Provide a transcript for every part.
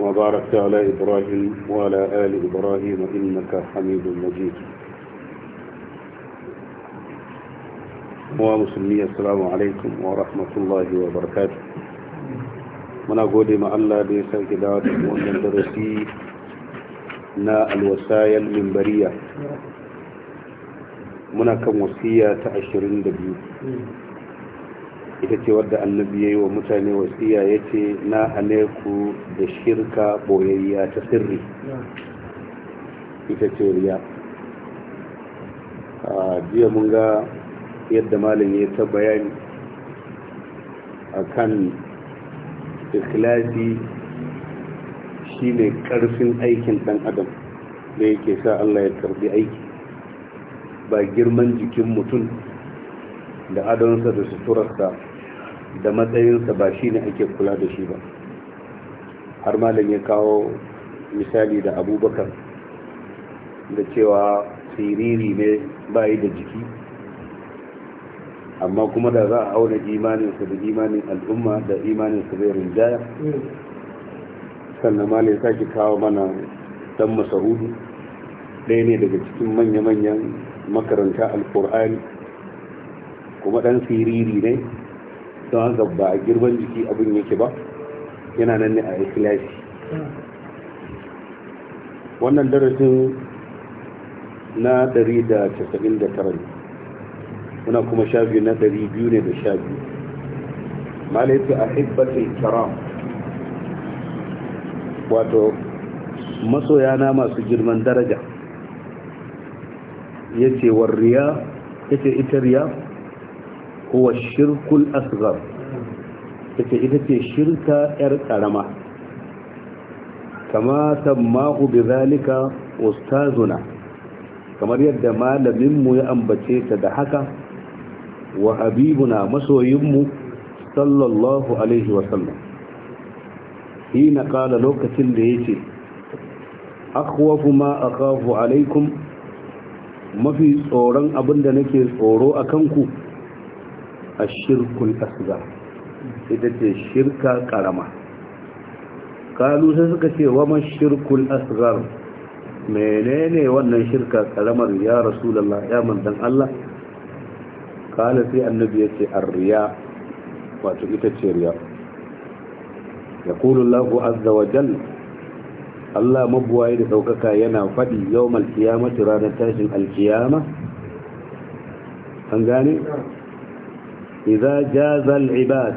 وباركت على إبراهيم وعلى آل إبراهيم إنك حميد مجيد ومسلمي السلام عليكم ورحمة الله وبركاته muna gode ma Allah da ya sake dawo da wannan darasi na alwasayal mimbariya muna kan wasiya ta biyu. ita ce wadda annabi ya yi wa mutane wasiya ya ce na hane da shirka boyayya ta sirri ita ce riya a jiya mun ga yadda malin ya ta bayani a kan ikhlasi shine karfin aikin dan adam da yake sa Allah ya karbi aiki ba girman jikin mutum da adonsa da suturarsa da matsayinsa ba shi ne ake kula da shi ba har malam ya kawo misali da abubakar da cewa siriri ne bayi da jiki amma kuma da za a auna imaninsa da imanin al'umma da imaninsa zai rinjaya sannan malam ya sake kawo mana dan masarudu ɗaya ne daga cikin manya-manyan makaranta alkur'ani kuma ɗan siriri ne don haka ba a girban jiki abin yake ba yana nan ne a ikilasi wannan darasin na 199 muna kuma sha biyu na 200 ne da sha biyu malaitu a hibbatin karam wato na masu girman daraja ya warriya ya ce ita riya huwa shirkul asghar take ita ce shirka yar karama kama sammahu bidhalika ustazuna kamar yadda malamin mu ya ambace ta da haka wa habibuna masoyinmu sallallahu alaihi wa sallam hina qala lokacin da yace akhwafu ma akhafu alaikum mafi tsoron abinda nake tsoro akan ku a shirkul asgar ita ce shirka karama kalu sai suka ce wa man shirkul asgar menene wannan shirka karamar ya rasulullah ya manzon Allah kala sai annabi ya ce arriya wato ita ce riya yaqulu Allahu azza wa jalla Allah mabuwaye da ɗaukaka yana faɗi yau malkiyamata ranar tashin alkiyama an gane iza jazal ibad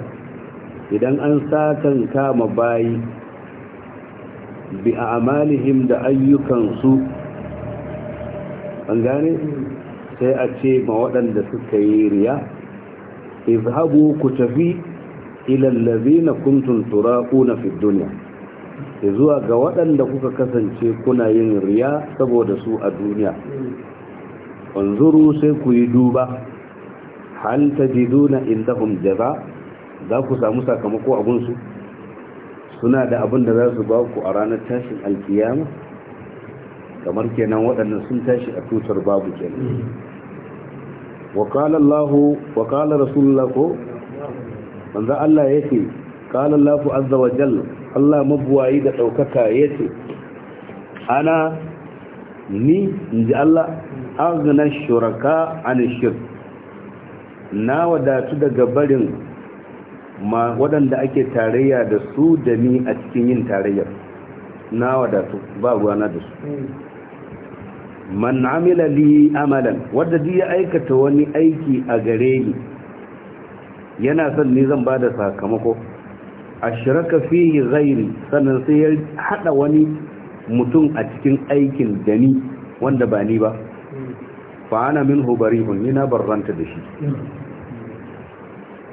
idan an satan kama bayi bi a'malihim da ayyukansu an gane sai a ce ma waɗanda suka yi riya izhabu ku tafi ila na kuntum turaquna fi dunya zuwa ga waɗanda kuka kasance kuna yin riya saboda su a duniya wanzuru sai ku yi duba hal tajiduna indahum jaza za ku samu sakamako a suna da abun da za su ba ku a ranar tashin alkiyama kamar kenan waɗannan sun tashi a tutar babu kenan وقال الله وقال رسول الله ko manzo Allah yake qala Allahu azza wa jalla Allah mabuwayi da daukaka yace ana ni inji Allah aghna shuraka an shirk na wadatu daga barin ma waɗanda ake tarayya da su da ni a cikin yin tarayyar na wadatu ba ruwana da su hmm. man amila li amalan wadda duk ya aikata wani aiki a gare ni yana son ni zan ba da sakamako ashraka fihi ghairi sannan sai ya hada wani mutum a cikin aikin da ni wanda ba ni ba hmm. fa ana minhu barihun ina barranta da shi hmm.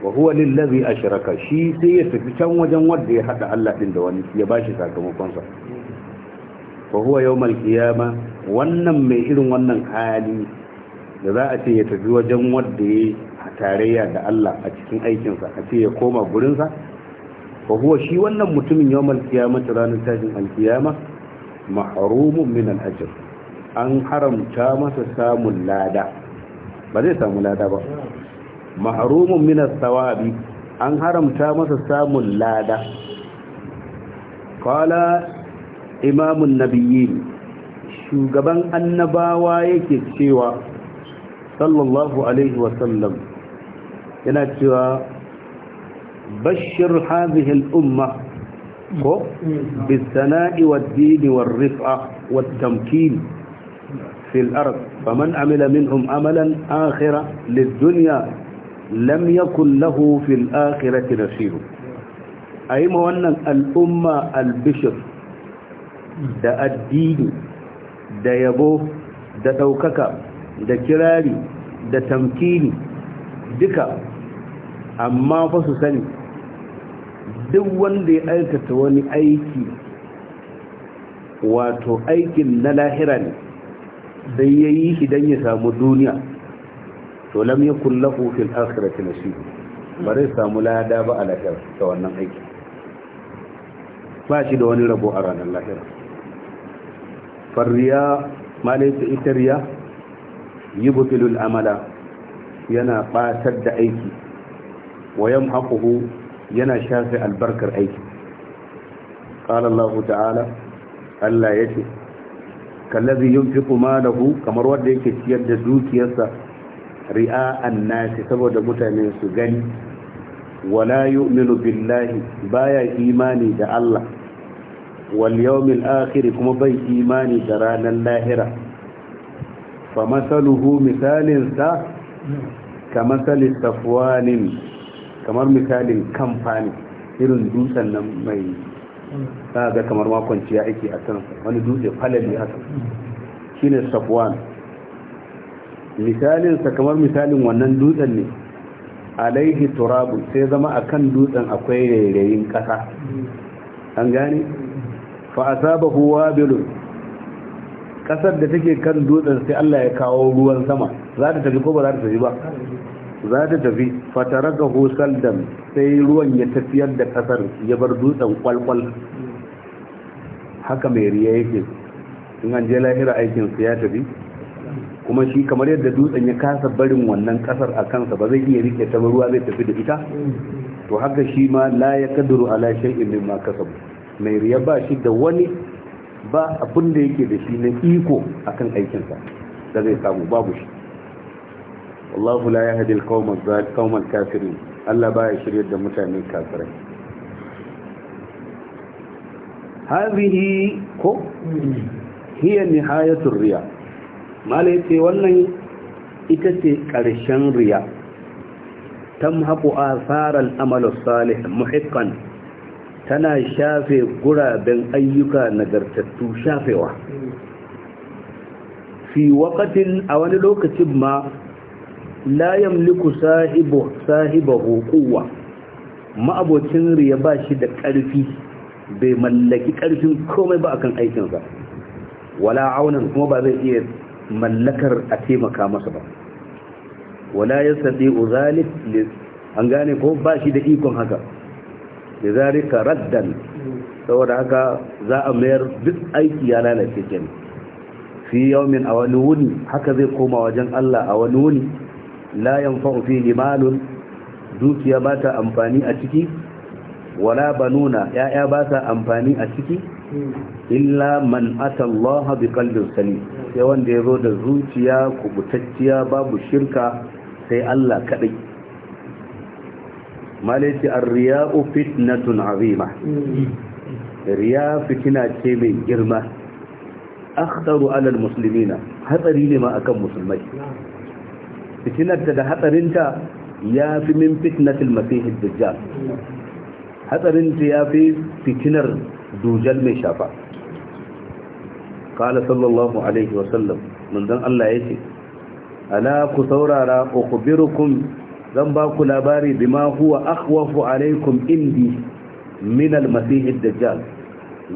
wa huwa lillazi ashraka shi sai ya tafi can wajen wanda ya hada Allah din da wani ya bashi sakamakon sa fa huwa yawmal qiyama wannan mai irin wannan hali da za a ce ya tafi wajen wanda ya tarayya da Allah a cikin aikin sa a ce ya koma gurin sa fa huwa shi wannan mutumin yawmal qiyama ranar tashin alqiyama mahrumun min al-ajr an haramta masa samun lada ba zai samu lada ba mahrumun min tawabi sawabi an haramta masa samun lada kwala imamun nabiyyi shugaban annabawa yake cewa sallallahu alaihi wasallam yana cewa bashir hadhihi umma ko bis-sana'i wad-din war-rif'a wat-tamkin fi al-ard faman amila amalan akhira lid lam yakun lahu fil akhirati a yi ma wannan al'umma albishir da addini da yabo da daukaka da kirari da tamkini duka amma fa su sani duk wanda ya aikata wani aiki wato aikin na lahira ne dai yayi shi don ya samu duniya to lam yakun lahu fil akhirati nasib ba zai samu lada ba a lahira da wannan aiki ba shi da wani rabo a ranar lahira farriya malaita ita riya yi butulul amala yana batar da aiki wayan haƙuhu yana shafe albarkar aiki ƙalallahu ta'ala allah ya ce kallazi yin fi kamar wanda yake ciyar da dukiyarsa ri'a annasi saboda mutane su gani wala yu'minu billahi baya imani da Allah wal yawmil akhir kuma bai imani da ranar lahira fa masaluhu misalin sa kamar safwanin kamar misalin kamfani irin dutsen nan mai ga kamar makon ciya ake a kan wani dutse falali haka shine safwan misalinsa kamar misalin wannan dutsen ne alaihi turabu sai zama a kan dutsen akwai rairayin ƙasa an gane Fa asabahu wabilun ƙasar da take kan dutsen sai Allah ya kawo ruwan sama za ta tafi ko ba za ta tafi ba za ta tafi fataraka husal dam sai ruwan ya tafiyar da ƙasar ya bar dutsen kwalkwal haka mai riya yake in an je lahira aikinsu ya tafi kuma shi kamar yadda dutsen ya kasa barin wannan kasar a kansa ba zai iya rike ta ruwa zai tafi da ita to haka shi ma la ya kaduru ala shay'in mimma kasabu mai riya ba shi da wani ba abin da yake da shi na iko akan aikinsa da zai samu babu shi wallahu la yahdi al-qawma al kafirin Allah baya shirya da mutane kafirai هذه هي نهاية الرياء malai ce wannan ita ce ƙarshen riya tamhaqu asaral amal salih muhiqqan tana shafe guraben ayyuka nagartattu shafewa fi waqatin a wani lokacin ma la yamliku sahibu sahibahu ma'abocin riya ba shi da ƙarfi bai mallaki ƙarfin komai ba akan aikinsa wala aunan kuma ba zai iya mallakar a taimaka masa ba wala ya sadi uzalik an gane ko ba shi da ikon haka da zarika raddan saboda haka za a mayar duk aiki ya lalace kenan fi yawmin a wani wuni haka zai koma wajen Allah a wani wuni la yanfa'u fihi malun dukiya ba ta amfani a ciki wala banuna ya'ya ba ta amfani a ciki illa man ata Allah bi qalbin Sani, sai wanda zo da zuciya kubutacciya babu shirka sai Allah kaɗai malaiti ar-riya'u fitnatun azima riya fitina ce mai girma akhtaru ala muslimina hatsari ne ma akan musulmai fitinarta da hatsarinta ya fi min fitnatil masihid dajjal hatsarinta ya fi fitinar dujal mai shafa kala sallallahu alaihi wasallam manzon Allah ya ce ala ku saurara ukhbirukum zan ba ku labari bima huwa akhwafu alaikum indi min al-masih dajjal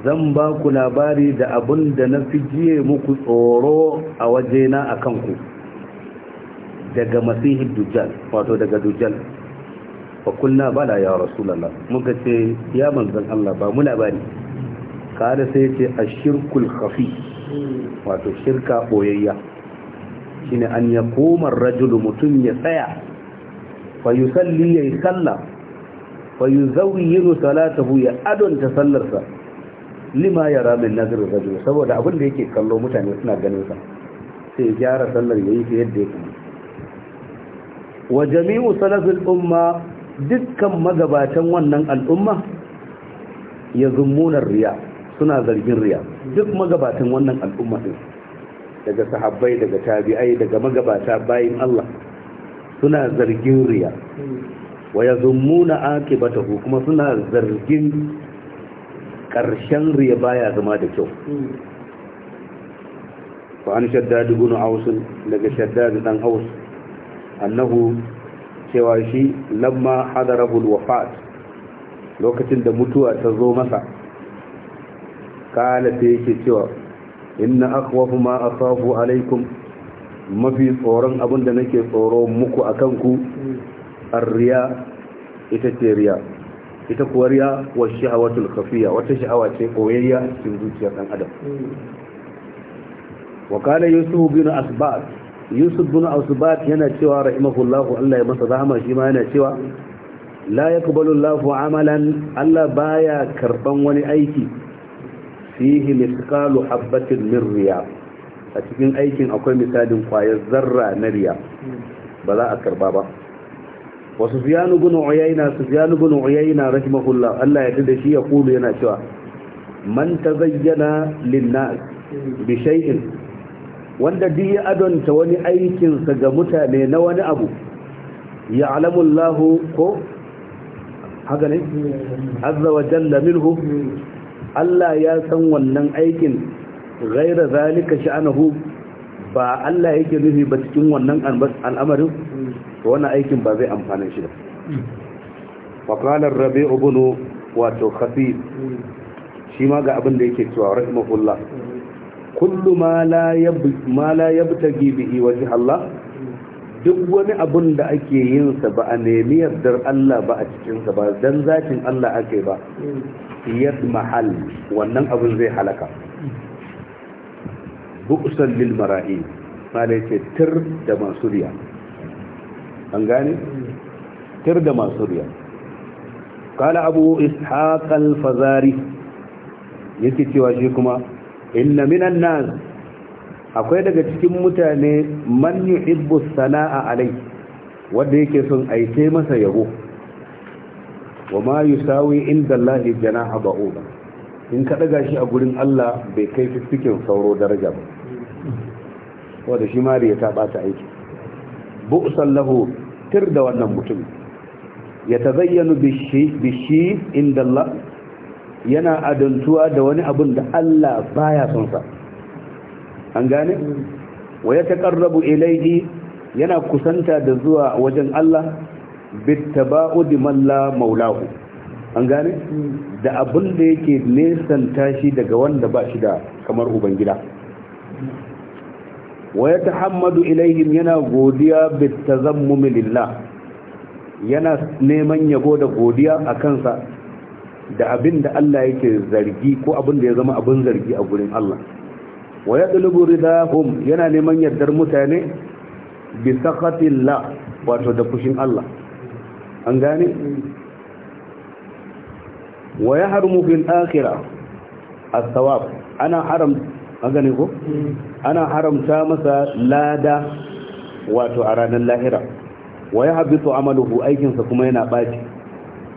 zan ba ku labari da abun da na jiye muku tsoro a wajena akan ku daga masihin dujjal wato daga dujal fa kunna bala ya rasulullah muka ce ya manzon Allah ba mu labari kada sai ce a shirkul khafi wato shirka boyayya shine an ya koma rajulu mutum ya tsaya fa yusalli yayi sallah fa yuzawwinu salatahu ya adonta sallarsa lima ya ramin nazar rajul saboda abin da yake kallo mutane suna ganin sa sai gyara sallar yayi ta yadda yake wa jami'u salafil umma dukkan magabatan wannan al'umma ya riya suna zargin riya duk magabatan wannan al'umma din daga sahabbai daga tabi'ai daga magabata bayin Allah suna zargin riya wa yazummuna akibatahu kuma suna zargin karshen riya baya zama da kyau fa an shaddad ibn aws daga shaddad dan aws annahu cewa shi lamma hadarahu alwafat lokacin da mutuwa ta zo masa kala ta yake cewa inna akwafu ma asafu alaikum mafi tsoron abin da nake tsoro muku a kanku arriya ita ce riya ita kuwa riya wa shahawatul khafiya wata sha'awa ce koyayya a cikin zuciyar dan adam wa kala yusuf bin asbat yusuf bin asbat yana cewa rahimahullahu Allah ya masa rahama shi ma yana cewa la yaqbalu Allahu amalan Allah baya karban wani aiki fihi mithqalu habatin min riya a cikin aikin akwai misalin kwayar zarra na riya ba za a karba ba wa sufyan ibn uyayna sufyan ibn uyayna rahimahullah Allah ya tada shi ya kulu yana cewa man tazayyana lin bi shay'in wanda duk ya adonta wani aikin sa ga mutane na wani abu ya alamullahu ko Haga ne azza wa jalla minhu Allah ya san wannan aikin gaira zalika sha'anahu ba Allah yake nufi ba cikin wannan al'amarin to wannan aikin ba zai amfana shi ba wa qala ar wa wato khafi shi ma ga abin da yake cewa rahimahullah kullu ma la yab ma la yabtagi bihi wajh Allah duk wani abun da ake yin sa ba a nemi yardar Allah ba a cikin sa ba dan zakin Allah ake ba yad mahal wannan abun zai halaka bu'san lil mara'i malai ce tir da masu an gane tir da masuriya. riya qala abu ishaq al-fazari yake cewa shi kuma inna minan nas akwai daga cikin mutane man ibu sana'a alai wanda yake son a masa yabo wa ma sawi inda Allah janaha ba, in ka daga shi a gurin Allah bai kai fiffikin sauro daraja ba wanda shi mari ya ta aiki bu'san lahu tir da wannan mutum ya ta zayyanu bishi inda Allah yana adantuwa da wani abun da Allah baya son sa an gane waya taqarrabu ilayhi yana kusanta da zuwa wajen Allah bittaba'udi man la maulahu an gane da abin da yake nesanta shi daga wanda ba shi da kamar ubangida Waya ta tahammadu ilayhim yana godiya bitazammumi lillah yana neman yabo da godiya a kansa da abin da Allah yake zargi ko abin da ya zama abin zargi a gurin Allah wa ya ɗulubu ridahum yana neman yardar mutane bi la, wato da fushin Allah an gane wa ya harmu fil akhira a sawab ana haram an gane ko ana haramta masa lada wato a ranar lahira wa ya habitu amaluhu aikinsa kuma yana baci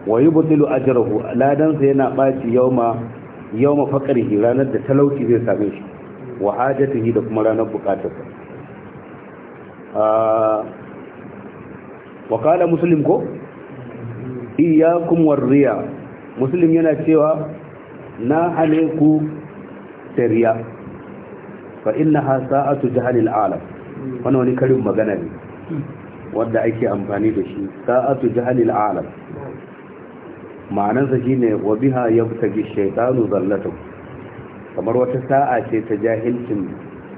wa yubtilu ajruhu ladansa yana baci yauma yauma faqrihi ranar da talauci zai same shi wa hajatihi da kuma ranar bukatarsa wa kala musulun ko iyakum warriya muslim yana cewa na hane ku tariya fa innaha sa'atu jahalil alam wannan wani karin magana ne wanda ake amfani da shi sa'atu jahalil alam ma'anarsa shine wa biha yabtagi shaytanu zallatakum kamar wata sa'a ce ta jahilcin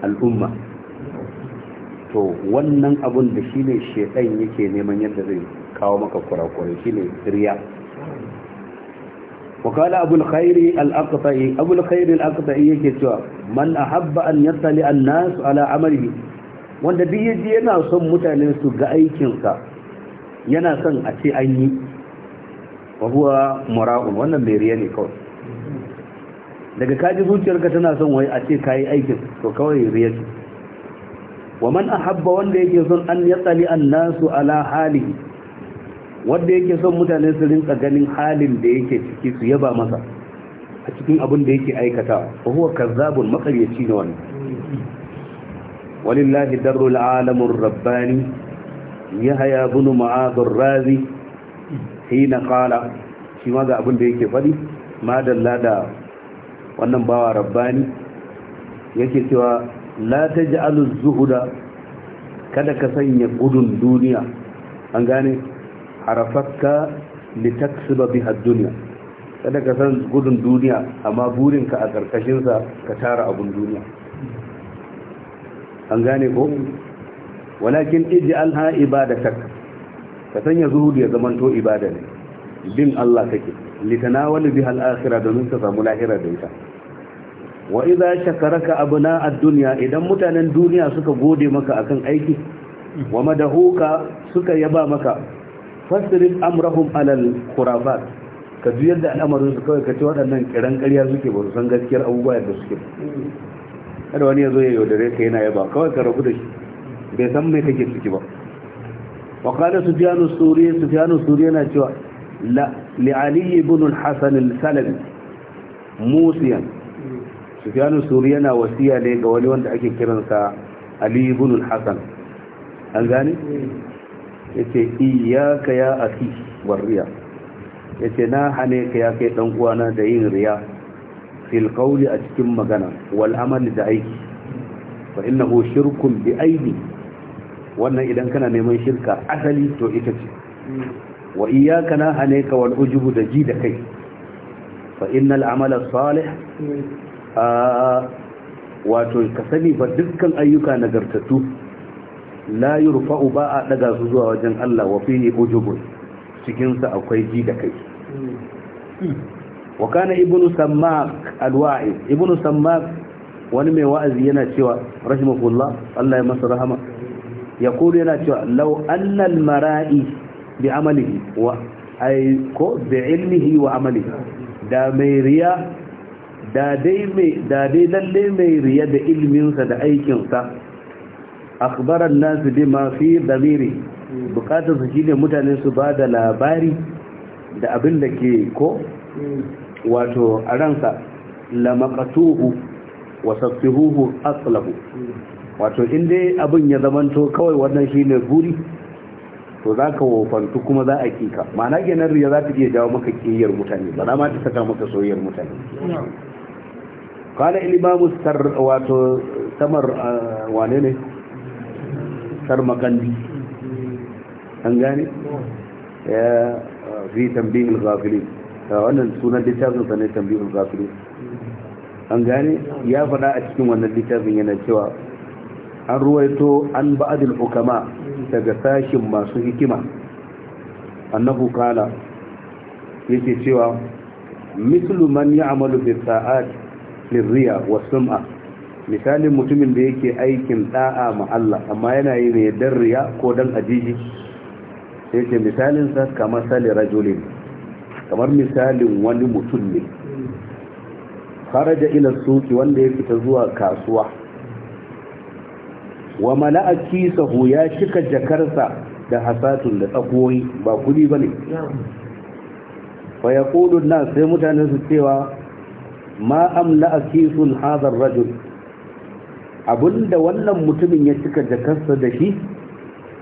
al'umma to wannan abun da shi ne shekai yake neman yadda zai kawo maka kurakurai shi ne riya wakala abul khairi al'aqta'i abul khairi yake cewa man ahabba an yattali an nas ala amali wanda bi yaji yana son mutane su ga aikin sa yana son a ce an yi wa huwa mura'un wannan bai riya ne kawai daga kaji zuciyarka tana son wai a ce kayi aikin to kawai riya ce wa man ahabba wanda yake son an yatsali annasu ala halihi wanda yake son mutane su rinka ganin halin da yake ciki su yaba masa a cikin abin da yake aikata fa huwa kazzabun makaryaci ne wannan walillahi darul rabani, rabbani yahya ibn mu'adh ar-razi hina qala shi ma ga abin da yake fadi ma dalla da wannan bawa rabbani yake cewa la taj'alu zuhuda kada ka sanya gudun duniya an gane harafatka litaksiba biha dunya kada ka san gudun duniya amma burinka a karkashin sa ka tara abun duniya an gane ko walakin ij'alha ibadatak ka sanya zuhudi ya zamanto ibada ne bin Allah kake litanawalu wani al-akhirah domin ka samu lahira da ita wa idza shakaraka abna ad-dunya idan mutanen duniya suka gode maka akan aiki wa madahuka suka yaba maka fasrif amrahum alal khurafat ka ji yadda al'amarin su kawai ka ce waɗannan kiran ƙarya suke ba su san gaskiyar abubuwa da suke kada wani ya zo ya yaudare ka yana yaba kawai ka rabu da shi bai san mai kake suke ba wa qala sufyanu suri sufyanu suri yana cewa لعلي بن الحسن السلمي موسيا sufiyanu suri yana wasiya ne ga wani wanda ake kiransa ali ibn hasan an gane yace iyyaka ya aki na hane ka ya kai dan uwana da yin riya fil qawli a cikin magana wal da aiki fa innahu shirkun bi aidi wannan idan kana neman shirka asali to ita ce wa iyyaka nahanaika wal ujubu da ji da kai fa innal amala salih hmm. a wato ka sani ba dukkan ayyuka nagartattu la rufa'u ba a daga su zuwa wajen Allah wa fihi ujubu cikinsa akwai ji da kai hmm. wa kana ibnu sammak alwa'iz Ibn sammak wani mai wa'azi yana cewa rahimahullah Allah ya masa rahama hmm. yaqulu yana cewa lau annal mara'i bi amalihi wa ay ko bi ilmihi wa amalihi da mai riya da dai mai da dai lalle mai riya da ilminsa da aikinsa akhbaran nas bima fi dhamiri bukatar su shine mutane su ba da labari da abin da ke ko wato a ransa lamaqatuhu wa aslahu wato inda abin ya zamanto kawai wannan shine guri to za ka wofantu kuma za a kika ma'ana kenan riya za ta iya jawo maka kiyar mutane ba za ma ta saka maka soyayyar mutane kala ilimamu sar wato samar ah, wane ne sar makandi an gane ya fi tambihin gafilin wannan sunan littafin sa ne tambihin gafilin an gane ya faɗa a cikin wannan littafin yana cewa an ruwaito an ba'adul hukama daga sashin masu hikima annabu kala yake cewa mislu man ya'malu bi sa'at lirriya wa sum'a misalin mutumin da yake aikin da'a ma Allah amma yana yi ne dan riya ko dan ajiji sai ce misalin sa kamar sali rajulin kamar misalin wani mutum ne kharaja ila suki wanda ya fita zuwa kasuwa wa mala'a kisahu ya cika jakarsa da hasatun da tsakoyi ba kudi bane fa yaqulu na sai mutane su cewa ma amla'a kisun hadha rajul abinda wannan mutumin ya cika jakarsa da shi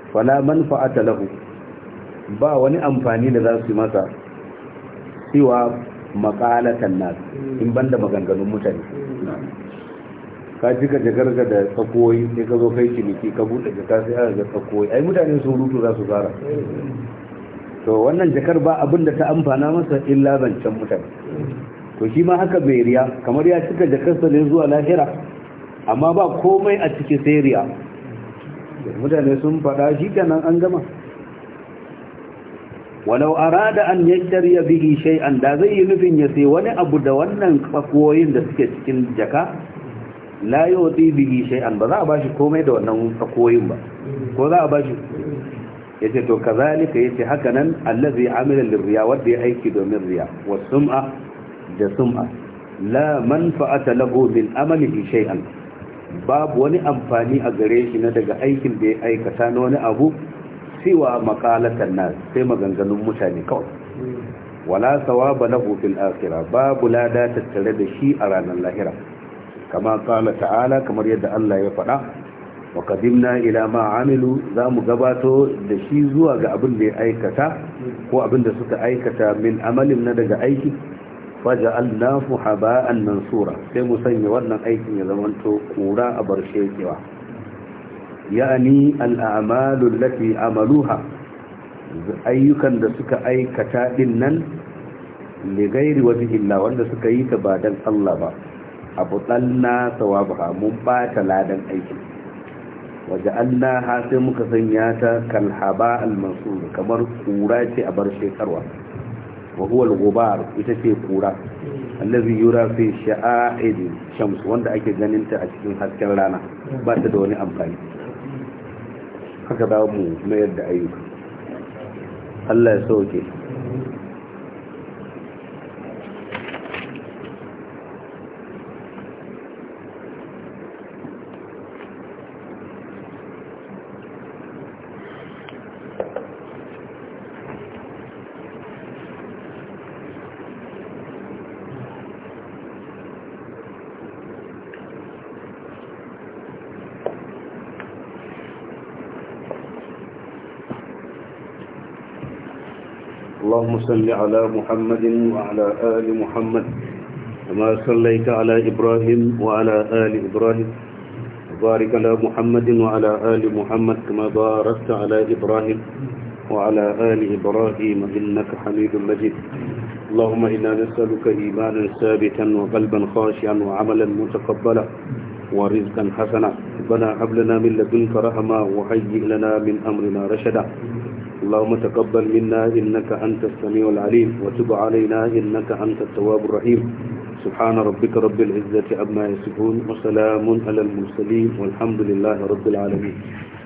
fala manfa'ata lahu ba wani amfani da za su yi masa cewa makalatan nas in banda maganganun mutane ka cika jakarka da tsakowai sai ka zo kai ciniki ka buɗe jaka sai aka ga tsakowai ai mutane sun rutu za su fara to wannan jakar ba abin da ta amfana masa illa zancen mutane to shi ma haka bai riya kamar ya cika jakarsa ne zuwa lahira amma ba komai a ciki sai riya mutane sun faɗa shi kenan an gama walau arada an ya bihi shay'an da zai yi nufin ya sai wani abu da wannan tsakoyin da suke cikin jaka la yuti bihi an ba za a bashi komai da wannan tsakoyin ba ko za a bashi ce to ka ya ce haka nan allazi amina lirriya wanda ya aiki domin riya wa sum'a da sum'a la manfa'ata lahu min amalihi an. babu wani amfani a gare shi na daga aikin da ya aikata na wani abu siwa makalatan na sai maganganun mutane kawai wala sawaba lahu fil akhirah babu lada tattare da shi a ranar lahira kama kala ta'ala kamar yadda Allah ya faɗa wa qadimna ila ma amilu zamu gabato da shi zuwa ga abin da ya aikata ko abin da suka aikata min amalin na daga aiki faja'alnahu haba'an mansura sai mu sanya wannan aikin ya zamanto kura a barshe kewa ya'ani al'amalu allati amaluha ayyukan da suka aikata din nan li ghairi wajhi wanda suka yi ta ba dan Allah ba abu tsanna sawabaha mun bata ladan aikin waje allah ha sai muka sanya ta kalhaba mansur kamar kura ce a bar shekarwa wa huwa al-ghubar ita ce kura allazi yura fi sha'a'id shams wanda ake ganin ta a cikin hasken rana ba ta da wani amfani haka da mu mayar da ayyuka Allah ya sauke اللهم صل على محمد وعلى آل محمد كما صليت على إبراهيم وعلى آل إبراهيم وبارك على محمد وعلى آل محمد كما باركت على إبراهيم وعلى آل إبراهيم إنك حميد مجيد اللهم إنا نسألك إيمانا ثابتا وقلبا خاشعا وعملا متقبلا ورزقا حسنا ربنا هب لنا من لدنك رحمة وهيئ لنا من أمرنا رشدا اللهم تقبل منا إنك أنت السميع العليم وتب علينا إنك أنت التواب الرحيم سبحان ربك رب العزة عما يصفون وسلام على المرسلين والحمد لله رب العالمين